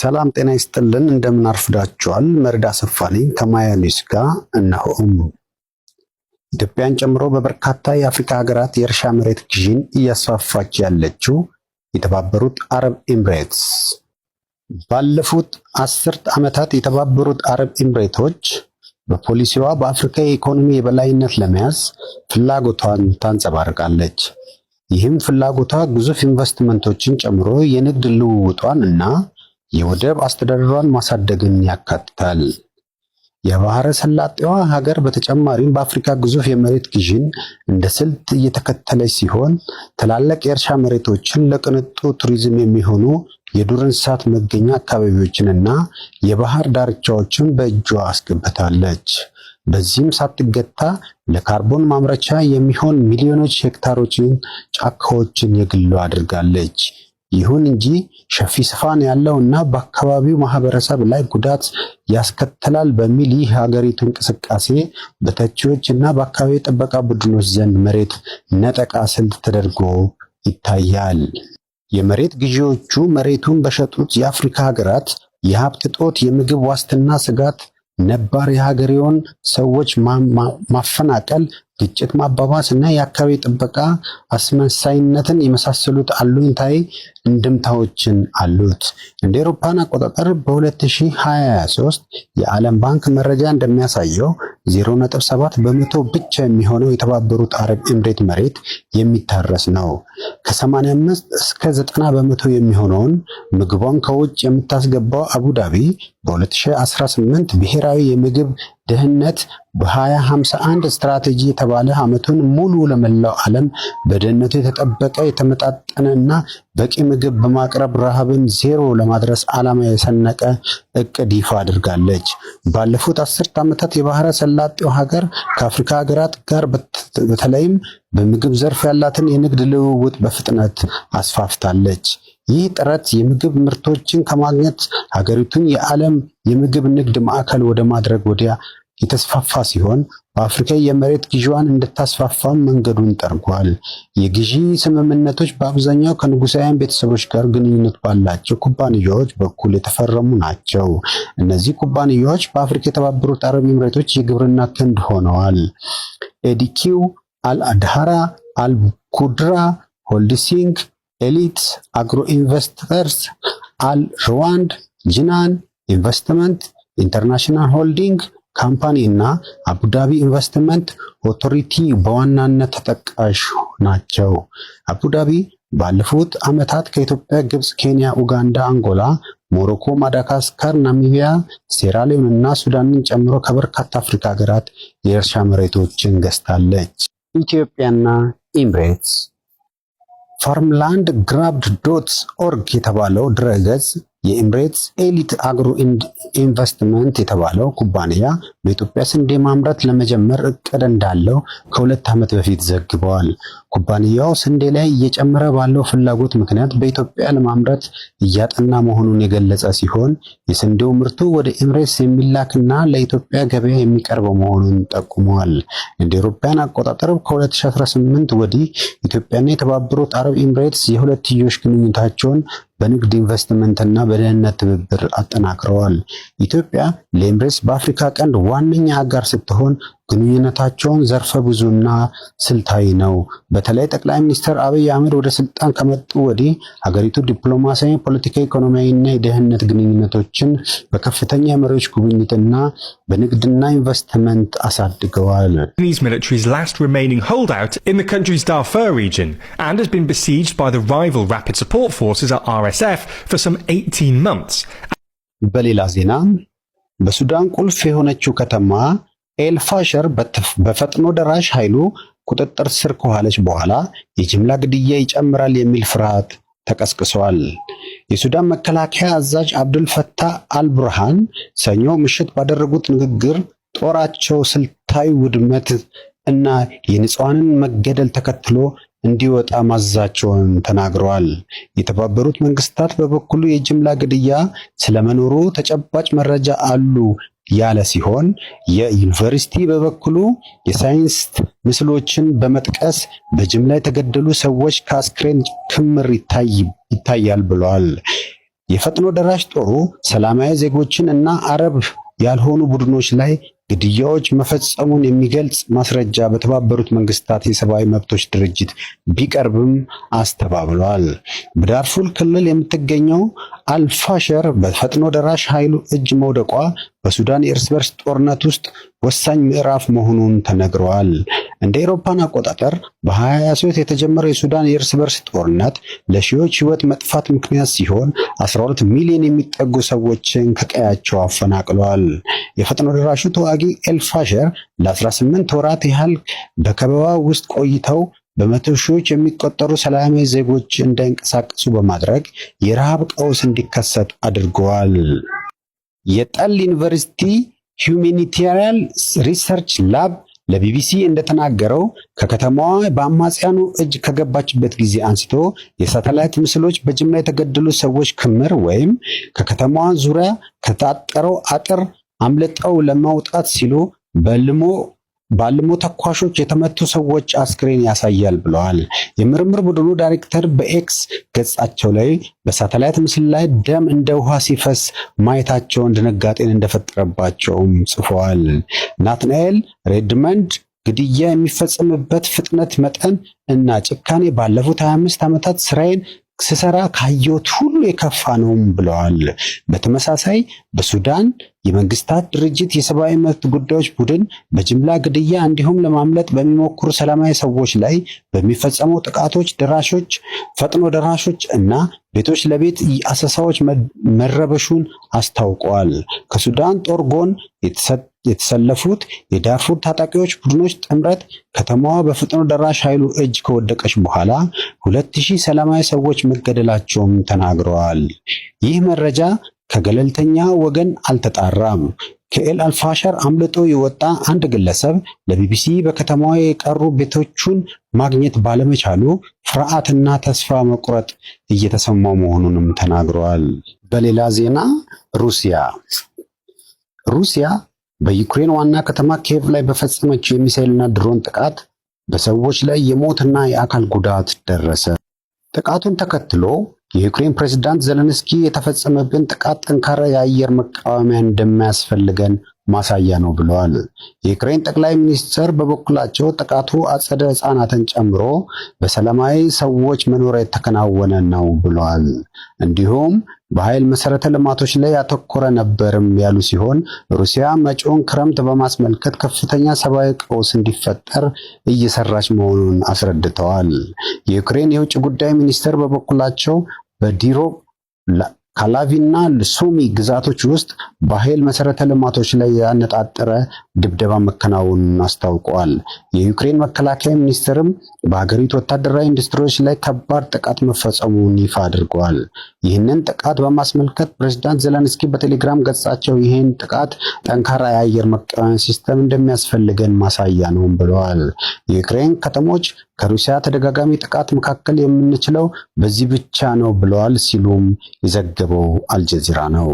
ሰላም ጤና ይስጥልን። እንደምን አርፍዳችኋል? መርዳ ሰፋ ነኝ ከማያ ኒውስ ጋር እነሆ። ኢትዮጵያን ጨምሮ በበርካታ የአፍሪካ ሀገራት የእርሻ መሬት ግዢን እያስፋፋች ያለችው የተባበሩት አረብ ኤምሬትስ ባለፉት አስርት ዓመታት የተባበሩት አረብ ኤምሬቶች በፖሊሲዋ በአፍሪካ የኢኮኖሚ የበላይነት ለመያዝ ፍላጎቷን ታንጸባርቃለች። ይህም ፍላጎቷ ግዙፍ ኢንቨስትመንቶችን ጨምሮ የንግድ ልውውጧን እና የወደብ አስተዳደሯን ማሳደግን ያካትታል። የባህረ ሰላጤዋ ሀገር በተጨማሪም በአፍሪካ ግዙፍ የመሬት ግዥን እንደ ስልት እየተከተለች ሲሆን ትላልቅ የእርሻ መሬቶችን ለቅንጡ ቱሪዝም የሚሆኑ የዱር እንስሳት መገኛ አካባቢዎችንና የባህር ዳርቻዎችን በእጇ አስገብታለች። በዚህም ሳትገታ ለካርቦን ማምረቻ የሚሆን ሚሊዮኖች ሄክታሮችን ጫካዎችን የግሏ አድርጋለች። ይሁን እንጂ ሰፊ ሽፋን እና በአካባቢው ማህበረሰብ ላይ ጉዳት ያስከትላል በሚል ይህ የሀገሪቱ እንቅስቃሴ በተቺዎች እና በአካባቢ ጥበቃ ቡድኖች ዘንድ መሬት ነጠቃ ስልት ተደርጎ ይታያል። የመሬት ግዢዎቹ መሬቱን በሸጡት የአፍሪካ ሀገራት የሀብት እጦት፣ የምግብ ዋስትና ስጋት ነባር የሀገሬውን ሰዎች ማፈናቀል ግጭት ማባባስ እና የአካባቢ ጥበቃ አስመሳይነትን የመሳሰሉት አሉኝታዊ እንድምታዎችን አሉት። እንደ ኤሮፓን አቆጣጠር በ2023 የዓለም ባንክ መረጃ እንደሚያሳየው 0.7 በመቶ ብቻ የሚሆነው የተባበሩት አረብ ኤምሬት መሬት የሚታረስ ነው። ከ85 እስከ 90 በመቶ የሚሆነውን ምግቧን ከውጭ የምታስገባው አቡዳቢ በ2018 ብሔራዊ የምግብ ድህነት በ2051 ስትራቴጂ የተባለ ዓመቱን ሙሉ ለመላው ዓለም በደህንነቱ የተጠበቀ የተመጣጠነ እና በቂ ምግብ በማቅረብ ረሃብን ዜሮ ለማድረስ ዓላማ የሰነቀ እቅድ ይፋ አድርጋለች። ባለፉት አስርት ዓመታት የባህረ ሰላጤው ሀገር ከአፍሪካ ሀገራት ጋር በተለይም በምግብ ዘርፍ ያላትን የንግድ ልውውጥ በፍጥነት አስፋፍታለች። ይህ ጥረት የምግብ ምርቶችን ከማግኘት ሀገሪቱን የዓለም የምግብ ንግድ ማዕከል ወደ ማድረግ ወዲያ የተስፋፋ ሲሆን በአፍሪካ የመሬት ግዢዋን እንድታስፋፋም መንገዱን ጠርጓል። የግዢ ስምምነቶች በአብዛኛው ከንጉሳውያን ቤተሰቦች ጋር ግንኙነት ባላቸው ኩባንያዎች በኩል የተፈረሙ ናቸው። እነዚህ ኩባንያዎች በአፍሪካ የተባበሩት አረብ ኤምሬቶች የግብርና ክንድ ሆነዋል። ኤዲኪው፣ አልአድሃራ፣ አልኩድራ ሆልዲሲንግ፣ ኤሊት አግሮ ኢንቨስተርስ፣ አል ሩዋንድ፣ ጂናን ኢንቨስትመንት ኢንተርናሽናል ሆልዲንግ ካምፓኒ እና አቡዳቢ ኢንቨስትመንት ኦቶሪቲ በዋናነት ተጠቃሽ ናቸው። አቡዳቢ ባለፉት ዓመታት ከኢትዮጵያ፣ ግብፅ፣ ኬንያ፣ ኡጋንዳ፣ አንጎላ፣ ሞሮኮ፣ ማዳጋስካር፣ ናሚቢያ፣ ሴራሊዮን እና ሱዳንን ጨምሮ ከበርካታ አፍሪካ ሀገራት የእርሻ መሬቶችን ገዝታለች። ኢትዮጵያና ኢምሬትስ ፋርምላንድ ግራብድ ዶት ኦርግ የተባለው ድረገጽ የኤምሬትስ ኤሊት አግሮ ኢንቨስትመንት የተባለው ኩባንያ በኢትዮጵያ ስንዴ ማምረት ለመጀመር እቅድ እንዳለው ከሁለት ዓመት በፊት ዘግበዋል። ኩባንያው ስንዴ ላይ እየጨመረ ባለው ፍላጎት ምክንያት በኢትዮጵያ ለማምረት እያጠና መሆኑን የገለጸ ሲሆን የስንዴው ምርቱ ወደ ኤምሬትስ የሚላክና ለኢትዮጵያ ገበያ የሚቀርበው መሆኑን ጠቁመዋል። እንደ አውሮፓውያን አቆጣጠር ከ2018 ወዲህ ኢትዮጵያና የተባበሩት አረብ ኤምሬትስ የሁለትዮሽ ግንኙነታቸውን በንግድ ኢንቨስትመንትና በደህንነት ትብብር አጠናክረዋል። ኢትዮጵያ ለኤምሬትስ በአፍሪካ ቀንድ ዋነኛ አጋር ስትሆን ግንኙነታቸውን ዘርፈ ብዙና ስልታዊ ነው። በተለይ ጠቅላይ ሚኒስትር አብይ አህመድ ወደ ስልጣን ከመጡ ወዲህ ሀገሪቱ ዲፕሎማሲያዊ፣ ፖለቲካ፣ ኢኮኖሚያዊና የደህንነት ግንኙነቶችን በከፍተኛ የመሪዎች ጉብኝትና በንግድና ኢንቨስትመንት አሳድገዋል። በሌላ ዜና በሱዳን ቁልፍ የሆነችው ከተማ ኤልፋሸር በፈጥኖ ደራሽ ኃይሉ ቁጥጥር ስር ከዋለች በኋላ የጅምላ ግድያ ይጨምራል የሚል ፍርሃት ተቀስቅሷል። የሱዳን መከላከያ አዛዥ አብዱል ፈታህ አልቡርሃን ሰኞ ምሽት ባደረጉት ንግግር ጦራቸው ስልታዊ ውድመት እና የንጹሐንን መገደል ተከትሎ እንዲወጣ ማዛቸውን ተናግረዋል። የተባበሩት መንግስታት በበኩሉ የጅምላ ግድያ ስለመኖሩ ተጨባጭ መረጃ አሉ ያለ ሲሆን የዩኒቨርሲቲ በበኩሉ የሳይንስ ምስሎችን በመጥቀስ በጅምላ የተገደሉ ሰዎች ከአስክሬን ክምር ይታያል ብሏል። የፈጥኖ ደራሽ ጦሩ ሰላማዊ ዜጎችን እና አረብ ያልሆኑ ቡድኖች ላይ ግድያዎች መፈጸሙን የሚገልጽ ማስረጃ በተባበሩት መንግስታት የሰብአዊ መብቶች ድርጅት ቢቀርብም አስተባብሏል። በዳርፉር ክልል የምትገኘው አልፋሸር በፈጥኖ ደራሽ ኃይሉ እጅ መውደቋ በሱዳን የእርስ በርስ ጦርነት ውስጥ ወሳኝ ምዕራፍ መሆኑን ተነግሯል። እንደ ኤሮፓን አቆጣጠር በ2023 የተጀመረው የሱዳን የእርስ በርስ ጦርነት ለሺዎች ሕይወት መጥፋት ምክንያት ሲሆን 12 ሚሊዮን የሚጠጉ ሰዎችን ከቀያቸው አፈናቅሏል። የፈጥኖ ደራሹ ተዋጊ ኤልፋሸር ለ18 ወራት ያህል በከበባ ውስጥ ቆይተው በመቶ ሺዎች የሚቆጠሩ ሰላማዊ ዜጎች እንዳይንቀሳቀሱ በማድረግ የረሃብ ቀውስ እንዲከሰት አድርገዋል። የጠል ዩኒቨርሲቲ ሁማኒታሪያን ሪሰርች ላብ ለቢቢሲ እንደተናገረው ከከተማዋ በአማጽያኑ እጅ ከገባችበት ጊዜ አንስቶ የሳተላይት ምስሎች በጅምላ የተገደሉ ሰዎች ክምር ወይም ከከተማዋ ዙሪያ ከታጠረው አጥር አምልጠው ለማውጣት ሲሉ በልሞ ባልሞ ተኳሾች የተመቱ ሰዎች አስክሬን ያሳያል ብለዋል። የምርምር ቡድኑ ዳይሬክተር በኤክስ ገጻቸው ላይ በሳተላይት ምስል ላይ ደም እንደ ውሃ ሲፈስ ማየታቸውን ድንጋጤን እንደፈጠረባቸውም ጽፈዋል። ናትናኤል ሬድመንድ ግድያ የሚፈጸምበት ፍጥነት መጠን እና ጭካኔ ባለፉት 25 ዓመታት ስራዬን ስሰራ ካየሁት ሁሉ የከፋ ነውም ብለዋል። በተመሳሳይ በሱዳን የመንግስታት ድርጅት የሰብአዊ መብት ጉዳዮች ቡድን በጅምላ ግድያ እንዲሁም ለማምለጥ በሚሞክሩ ሰላማዊ ሰዎች ላይ በሚፈጸሙ ጥቃቶች ደራሾች፣ ፈጥኖ ደራሾች እና ቤቶች ለቤት አሰሳዎች መረበሹን አስታውቀዋል። ከሱዳን ጦር ጎን የተሰለፉት የዳርፉር ታጣቂዎች ቡድኖች ጥምረት ከተማዋ በፍጥኖ ደራሽ ኃይሉ እጅ ከወደቀች በኋላ ሁለት ሺህ ሰላማዊ ሰዎች መገደላቸውም ተናግረዋል። ይህ መረጃ ከገለልተኛ ወገን አልተጣራም። ከኤል አልፋሸር አምልጦ የወጣ አንድ ግለሰብ ለቢቢሲ በከተማዋ የቀሩ ቤቶቹን ማግኘት ባለመቻሉ ፍርሃትና ተስፋ መቁረጥ እየተሰማው መሆኑንም ተናግረዋል። በሌላ ዜና ሩሲያ ሩሲያ በዩክሬን ዋና ከተማ ኬቭ ላይ በፈጸመችው የሚሳይልና ድሮን ጥቃት በሰዎች ላይ የሞትና የአካል ጉዳት ደረሰ። ጥቃቱን ተከትሎ የዩክሬን ፕሬዝዳንት ዘለንስኪ የተፈጸመብን ጥቃት ጠንካራ የአየር መቃወሚያ እንደማያስፈልገን ማሳያ ነው ብለዋል። የዩክሬን ጠቅላይ ሚኒስትር በበኩላቸው ጥቃቱ አጸደ ሕፃናትን ጨምሮ በሰላማዊ ሰዎች መኖሪያ የተከናወነ ነው ብለዋል። እንዲሁም በኃይል መሰረተ ልማቶች ላይ ያተኮረ ነበርም ያሉ ሲሆን ሩሲያ መጪውን ክረምት በማስመልከት ከፍተኛ ሰብአዊ ቀውስ እንዲፈጠር እየሰራች መሆኑን አስረድተዋል። የዩክሬን የውጭ ጉዳይ ሚኒስትር በበኩላቸው በዲሮ ካላቪና ልሱሚ ግዛቶች ውስጥ በኃይል መሰረተ ልማቶች ላይ ያነጣጠረ ድብደባ መከናወኑን አስታውቀዋል። የዩክሬን መከላከያ ሚኒስትርም በሀገሪቱ ወታደራዊ ኢንዱስትሪዎች ላይ ከባድ ጥቃት መፈጸሙን ይፋ አድርገዋል። ይህንን ጥቃት በማስመልከት ፕሬዚዳንት ዘለንስኪ በቴሌግራም ገጻቸው ይህን ጥቃት ጠንካራ የአየር መቃወሚያ ሲስተም እንደሚያስፈልገን ማሳያ ነው ብለዋል። የዩክሬን ከተሞች ከሩሲያ ተደጋጋሚ ጥቃት መካከል የምንችለው በዚህ ብቻ ነው ብለዋል ሲሉም የዘገበው አልጀዚራ ነው።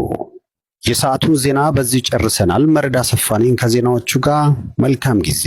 የሰዓቱን ዜና በዚህ ጨርሰናል። መረዳ ሰፋኔን ከዜናዎቹ ጋር መልካም ጊዜ